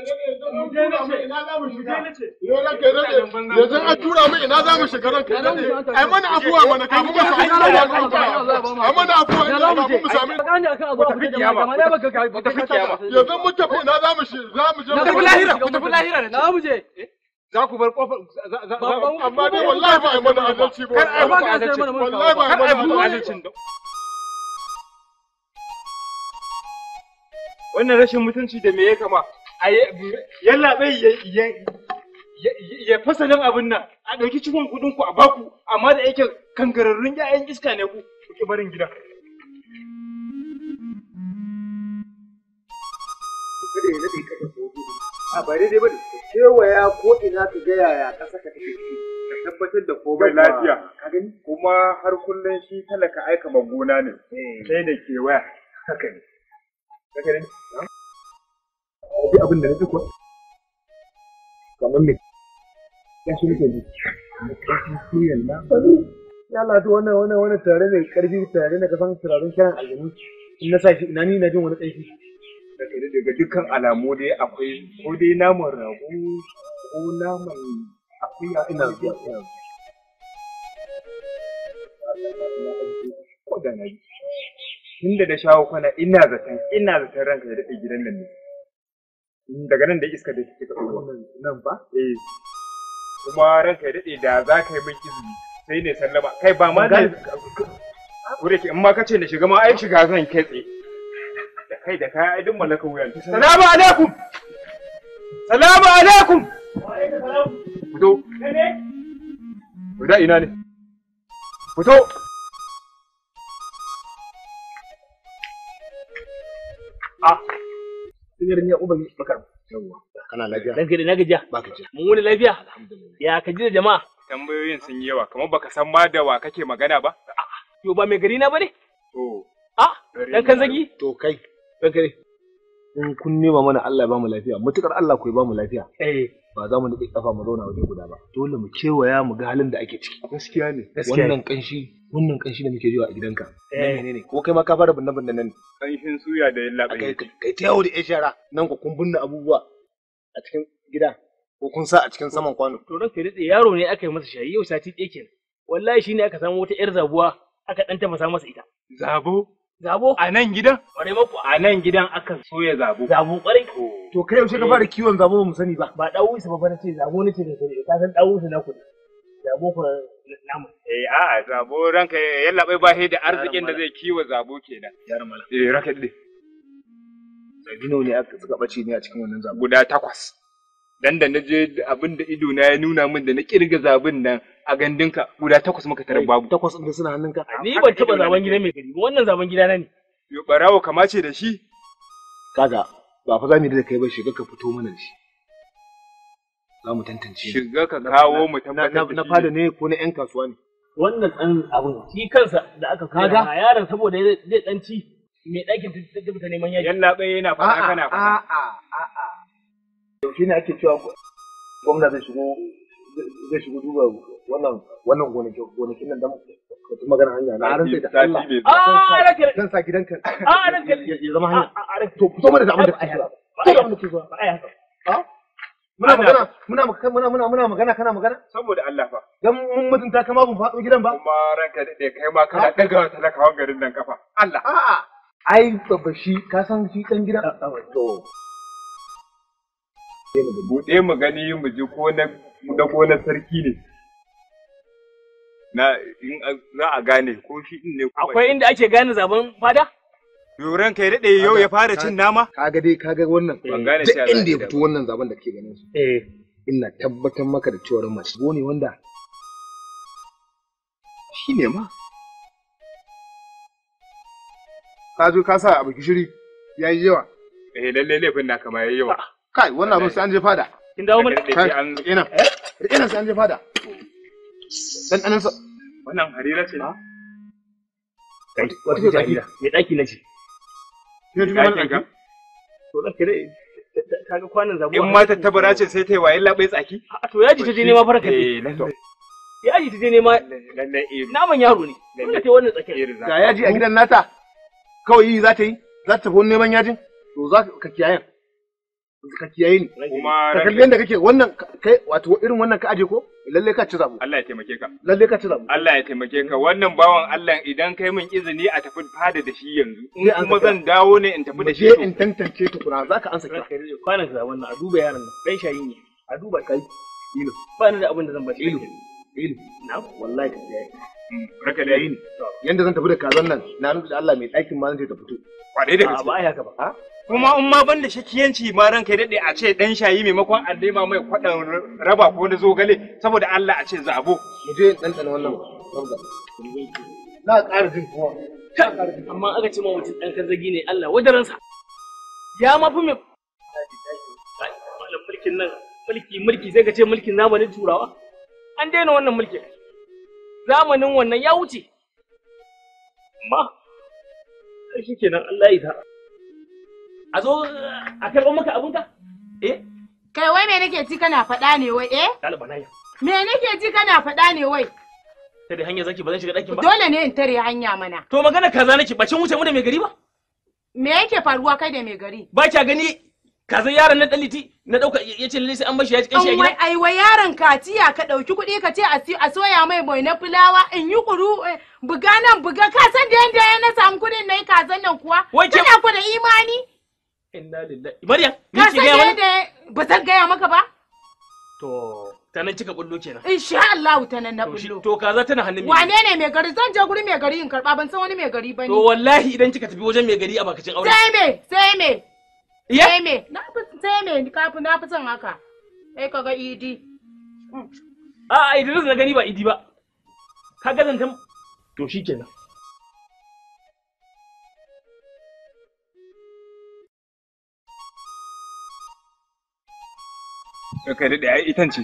yanzun an tura ina za mu shiga ranka ai mana abuwa mana kafin mu sami ai mana abuwa ina kafin mu sami yanzun mun tafi ina za mu za mu je mu tafi lahira ku tafi lahira ne za mu je za ku bar kofar amma dai wallahi ba ai mana azalci ba wallahi ba ai mana azalcin da wannan rashin mutunci da me ya kama yalla bai ya fasalin abin nan a ɗauki cikin kuɗin ku a baku amma da yake kangararrun 'ya'yan iska ne ku ku ki barin gida kada ya nade ka a ba daidai ba kewaya ko ina ka ga yaya ƙasa ka take ka tabbatar da ko bai lafiya kuma har kullum shi talaka aika magona ne sai eh. da kewaya haka ne haka ne ji abin da na ji kuwa kamar me ya shi nake ji kuyan na ya latu wannan wani wannan tare ne karfi tare ne kasan turaren kiran aljanu in na sa shi ina ni na jin wani ƙarfi daga dukkan alamu dai akwai ko dai naman rago ko naman akuya ina zuwa ina zuwa ko da na ji da na shawo kwana ina zaton ina zaton ranka ya daɗe gidan nan ne daga nan da iska da kike kafa nan ba eh kuma ranka ya dade da za ka yi min izini sai ne sallama kai ba ma ne kure ki in ma kace na shiga ma ai shiga zan kai tsaye da kai da kai ai duk malaka wuyan salamu alaikum salamu alaikum fito fito ina ne fito sigarin ya ubangi bakar yawwa kana lafiya dan kai na gajiya ba gajiya mun wani lafiya ya ka ji da jama'a tambayoyin sun yi yawa kamar baka san ma da wa kake magana ba yo ba mai gari na bane to a dan kan zagi to kai dan kai in kun nema mana Allah ya ba mu lafiya mutukar Allah ku ya ba mu lafiya eh ba za mu daɗe kafa mu zauna waje guda ba dole mu kewaya mu ga halin da ake ciki gaskiya ne wannan kanshi wannan kanshi da muke jiwa a gidanka eh. ne. ko kai ma ka fara binne binne nan kanshin suya da yalla kai kai ta yau da yan shara nan ku kun binne abubuwa a cikin gida ko kun sa a cikin saman kwano. To ke daɗe yaro ne aka yi masa shayi yau sati ɗaya kenan. Wallahi shine aka samu wata 'yar zabuwa aka ɗan tafasa masa ita. Zabo? Zabo? A nan gidan? Ƙwarai maku a nan gidan aka soya zabo. Zabo ƙwarai? To kai yaushe ka fara kiwon zabo ba mu sani ba. Ba ɗawo isa ba na ce zabo na ce da kai ka san ɗawo na ku. Zabo ku namu. Eh a'a zabo ranka yalla bai ba da arzikin da zai kiwo zabo kenan. Yar mala. Eh ranka dai. Dabino ne aka suka bace ne a cikin wannan zabo. Guda takwas. dan da na je abin da ido na ya nuna min da na kirga zabin nan a gandinka guda takwas muka tarar eh, babu takwas din suna hannunka ni ban taba zaben gida mai gari wannan zaben gida na ne yo barawo ce da shi kaga ba fa za mu da kai ba shiga ka fito mana da shi za mu tantance shiga ka kawo mu tabbatar na fada ne ko na yan kasuwa ne wannan dan abun shi kansa da aka kaga yaron saboda zai dan ci mai ɗakin ta neman yaji yan labai yana fada kana fada a'a shi ne ake cewa gwamna zai shigo zai shigo duba wannan wannan gonakin gonakin nan dan mutum magana hanya na aran sai da Allah a rake dan sa gidanka ah, a ka ya zama hanya a ah, ah, rake to fito mana da abin da ai so fito da abin da kake ai haka ha muna magana muna muna muna muna magana kana magana saboda Allah fa dan mun mutunta kama ban fado gidan ba kuma ranka da kai ma kana daga talakawa garin nan kafa Allah a'a ai babashi ka san shi dan gidan to buɗe mu gani mu ji ko na da ko na sarki ne na in za a gane ko shi din ne akwai inda ake gane zaben fada yoran kai dade yau ya fara cin nama kaga dai kaga wannan ban gane shi inda ya fito wannan zaben da kake ganin su eh ina tabbatar maka da cewa mace ne wanda shi ne ma ka zo ka sa abu gishiri yayi yawa eh lalle laifin na kama yayi yawa ah. kai wannan abin sai an je fada kin dawo mana ina eh? ina sai an je fada dan anan sa wannan harira ce na wata da, me daki na ce ne duk wannan ka to da kire ta ga kwanan zabuwa in ma ta tabara ce sai ta yi waye labai tsaki a to yaji ta je nema farka eh yaji ta je nema naman yaro ne dole ta wannan tsakiyar ga yaji a gidan nata kawai za ta yi za ta tafi neman yajin to za ka kiyayen ka kiyaye ni ka kalli yanda kake wannan kai wato irin wannan ka aje ko lalle ka ci zamu Allah ya taimake ka lalle ka ci zamu Allah ya taimake ka wannan bawan Allah idan kai min izini a tafi fada da shi yanzu in kuma zan dawo ne in tafi da shi to in tantance tukuna zaka ansa kira kwana ka wannan a duba yaran nan dan shayi ne a duba kai ilo ba ni da abin da zan bashi ilo ilo na wallahi ka kiyaye raka da yini yanda zan tafi da kazan nan na nuna da Allah mai ɗakin ma zan ce ta fito kwaɗai da gaske ba ya gaba ha kuma in ma ban da shakiyanci ma kai daɗe a ce ɗan shayi maimakon allema mai kwaɗan raba ko na zogale saboda Allah a ce zabo mu je ɗanɗana wannan na ƙara jin kuma amma aka ce ma mutum ɗan karzagi ne Allah wadaransa ya ma fi mai mulkin nan mulki mulki sai ka ce mulkin zamanin turawa an daina wannan mulkin zamanin wannan ya wuce ma shi kenan Allah ya ta a zo a karɓar maka abinka eh kai wai me nake ci kana faɗa ne wai eh na me nake ji kana faɗa ne wai tare hanya zaki ba zan shiga ɗakin ba dole ne in tare hanya mana to magana kaza nake bacin wuce mu da mai gari ba me yake faruwa kai da mai gari ba kya gani ka san yaron na daliti na dauka yace lalle sai an bashi ya ci kanshi a gida ai wai yaron tiya ka dauki kuɗi ka ce a soya mai mai na fulawa in yi kuru eh, buga nan buga ka san da yanda ya na samu kuɗin nayi kazan nan kuwa kana ku da imani inna lillahi maryam ni ki ga wani ba zan gaya maka ba to ta nan kika bullo kenan insha Allah ta nan na bullo to kaza tana hannun me wane ne mai gari zan je guri mai gari in karba ban san wani mai gari bane to wallahi idan kika tafi wajen mai gari a bakacin aure sai me sai me Sai me? Na fi sai na fi son haka. Ai, ka ga idi. A Idris na gani ba idi ba. Ka ga zantan to nan. Ka daɗe ai itan ce.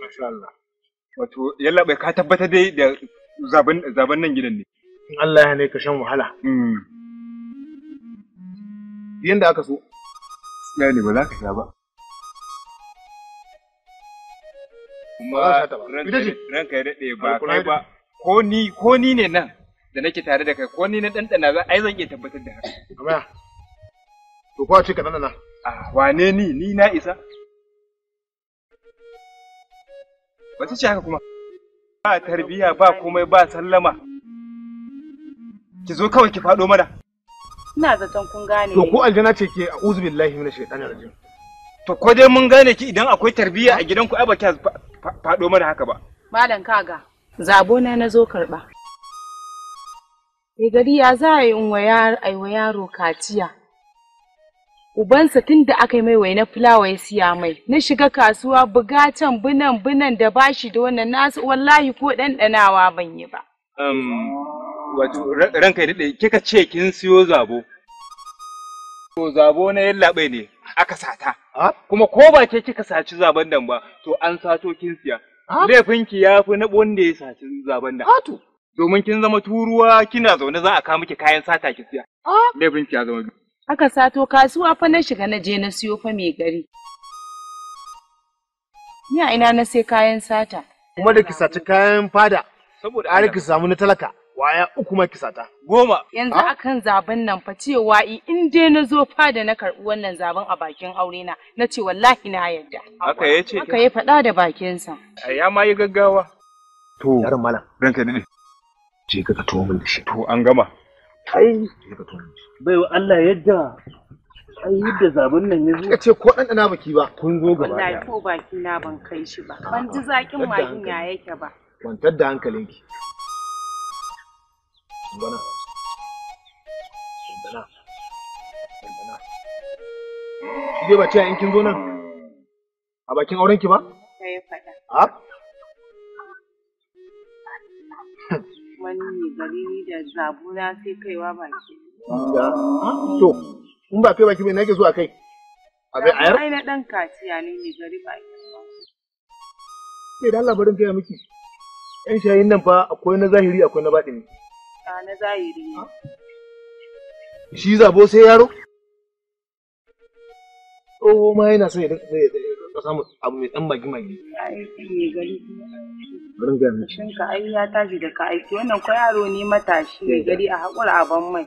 Masha Allah. Wato, yalla bai ka tabbatar dai da zaben nan gidan ne. in Allah ya ne ka shan wahala hmm. yanda aka so ya ne ba za ka sha ba kuma ranka ya daɗe ba kai ba ko ni ko ni ne nan da nake tare da kai ko ni na ɗanɗana za ai zan iya tabbatar da haka amma to ko ce ka ɗanɗana ah, wane ni ni na isa ba ta ce haka kuma ba tarbiyya ba komai ba sallama ki zo kawai ki faɗo mana ina zaton kun gane to ko aljana ce ke a'udhu billahi minash shaitani rajim to ko dai mun gane ki idan akwai tarbiyya a gidanku ai ba ki faɗo mana haka ba malam kaga zabo na nazo karba Ke gari ya za a yi wa yaro kaciya ubansa tun da aka yi mai wai na fulawa ya siya mai na shiga kasuwa bugatan binan binan da bashi da wannan nasu wallahi ko ɗanɗanawa ban yi ba um, wato ranka daɗe kika ce kin siyo zabo to zabo na yallaɓai ne aka sata kuma ko ba ke kika saci zaben nan ba to an sato kin siya Laifin ki ya fi na wanda ya saci zaben nan domin kin zama turuwa kina zaune za a kawo miki kayan sata ki siya laifinki ya zama aka sato kasuwa fa na shiga na je na siyo fa mai gari ni a ina na sai kayan sata kuma da ki saci kayan fada saboda an ki samu na talaka waya uku ma kisata goma yanzu akan zaben nan fa cewa in dai na zo fa da na karɓi wannan zaben a bakin aure na na ce wallahi na yarda aka ya ce aka ya faɗa da sa ya ma yi gaggawa to yaron malam ranka ne je ka ka tuwo min da shi to an gama ai je ka tuwo min bai Allah yadda ai yadda zaben nan ya zo ka ce ko dan dana baki ba kun zo gaba wallahi ko baki na ban kai shi ba ban ji zakin mayin ya yake ba kwantar da hankalinki Buena. Dandana. Dandana. Zai ba cewa in kin zo nan a bakin auren ki ba? Sai faɗa. Wani ne gari da zabuna sai kaiwa baki. To, in ba kai baki bai nake zuwa kai? A bai ayar? Ai na dan kaciya ne ne gari baki. Sai da Allah barin gaya miki. ‘Yan shayin nan fa akwai na zahiri akwai na baɗini. A na zahiri Shi zabo sai yaro? Tsoho ma yana son ya samu abu mai ɗan magi-magi. Aiki ne gari. gari. ai ya tashi da ka aiki wannan ko yaro ne matashi ne gari a haƙura a ban mai.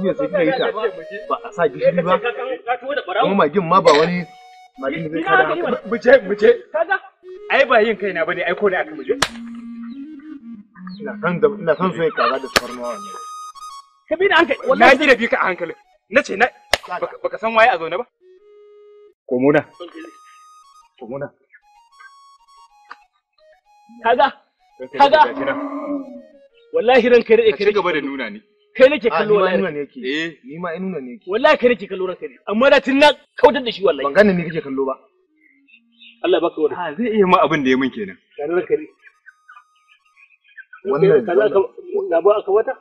miya sai ba a sa gishiri ba kuma magin ma ba wani magin zai kada haka mu je mu je ba yin kaina bane ne aka ina san da ina san so ya da ne a hankali a ba komuna kaga kaga wallahi ranka rike gaba da nuna ni kai nake kallo wallahi nuna ne yake eh ni ma in nuna ne yake wallahi kai nake kallo ranka amma da tun na kautar da shi wallahi ban ganin ni kake kallo ba Allah baka wani ha zai iya ma abin da ya min kenan tare da kare wannan kaza ka ba aka wata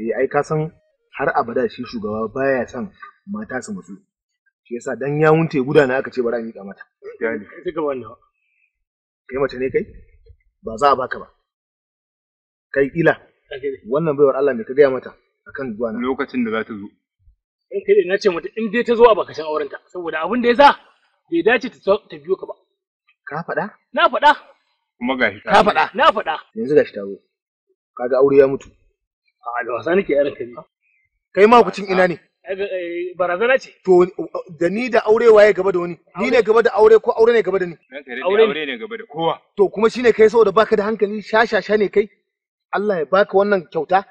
eh ai ka san har abada shi shugaba baya son mata su mutu shi yasa dan ya wunte gudana aka ce bari an yi mata gani duka wannan kai mace ne kai ba za a baka ba kai ila wannan baiwar Allah ne ka gaya mata akan zuwa lokacin da za ta zo in kai na ce mata in dai ta zo a bakashin aurenta saboda abin da ya sa bai dace ta biyo ka ba ka faɗa na faɗa kuma ga shi ta faɗa na faɗa yanzu shi ta zo kaga aure ya mutu a da wasa nake yaran kai kai ma kucin ina ne barazana ce to da ni da aure waye gaba da wani ni ne gaba da aure ko aure ne gaba da ni aure ne gaba da kowa to kuma shine kai saboda baka da hankali shashasha ne kai Allah ya baka wannan kyauta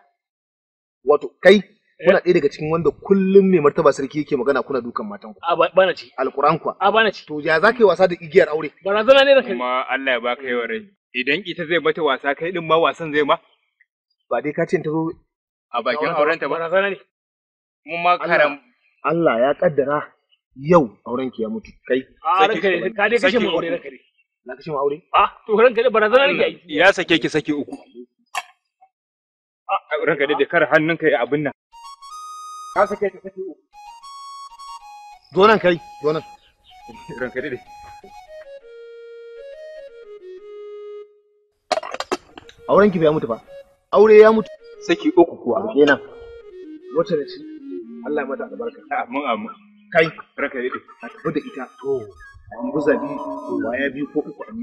wato kai kuna eh. ɗaya daga cikin wanda kullum mai martaba sarki yake magana kuna dukan matan ku. A bana ci. Alƙur'an kuwa. A bana ci. To ya za ka yi wasa da igiyar aure? Barazana ne da kai. Kuma Allah ya baka yawan rai. Idan ita zai bata wasa kai din ma wasan zai ma. Ba dai ka ce ta zo a bakin aurenta ba. Barazana ne. Mun ma karam. Allah ya kaddara yau auren ki ya mutu kai. A ranka ne ka dai kashe mu aure da kare. Na kashe mu aure? A ah, to ranka ne barazana ne ya sake ki saki uku. ranka da kar hannunka ya abin nan ka sake ta kace donan kai donan ranka da auren ki bai mutu ba aure ya mutu saki uku kuwa kenan wata da shi Allah ya mata albarka mun amin kai ranka da ita to an guza bi wa ya bi ko uku an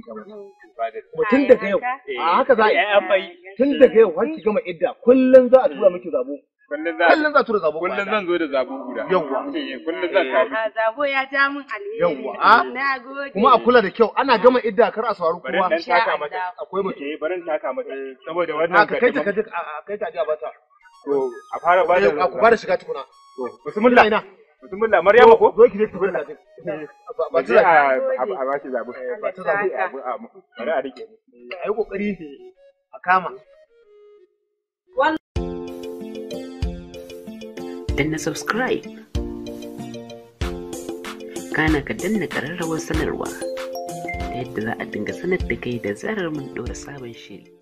tun daga yau a haka za a yi tun daga yau har ki gama idda kullun za a tura miki zabo kullun za a tura zabo kullun zan zo da zabo guda kullun ah, zabo ya ja min alheri na ah, gode kuma a kula da kyau ana gama idda kar a saurari kowa barin taka mata akwai mutum eh, barin taka mata eh, saboda wannan kai ta kai ta a bata to a fara ba da eh, ku fara shiga tukuna bismillah bismillah maryama ko zo ki ki ba ta zabi a ba shi zabi ba ta zabi a bari a rike a yi kokari a kama danna subscribe kana ka danna kararrawar sanarwa ta yadda za a dinga sanar da kai da zarar mun ɗora sabon shiri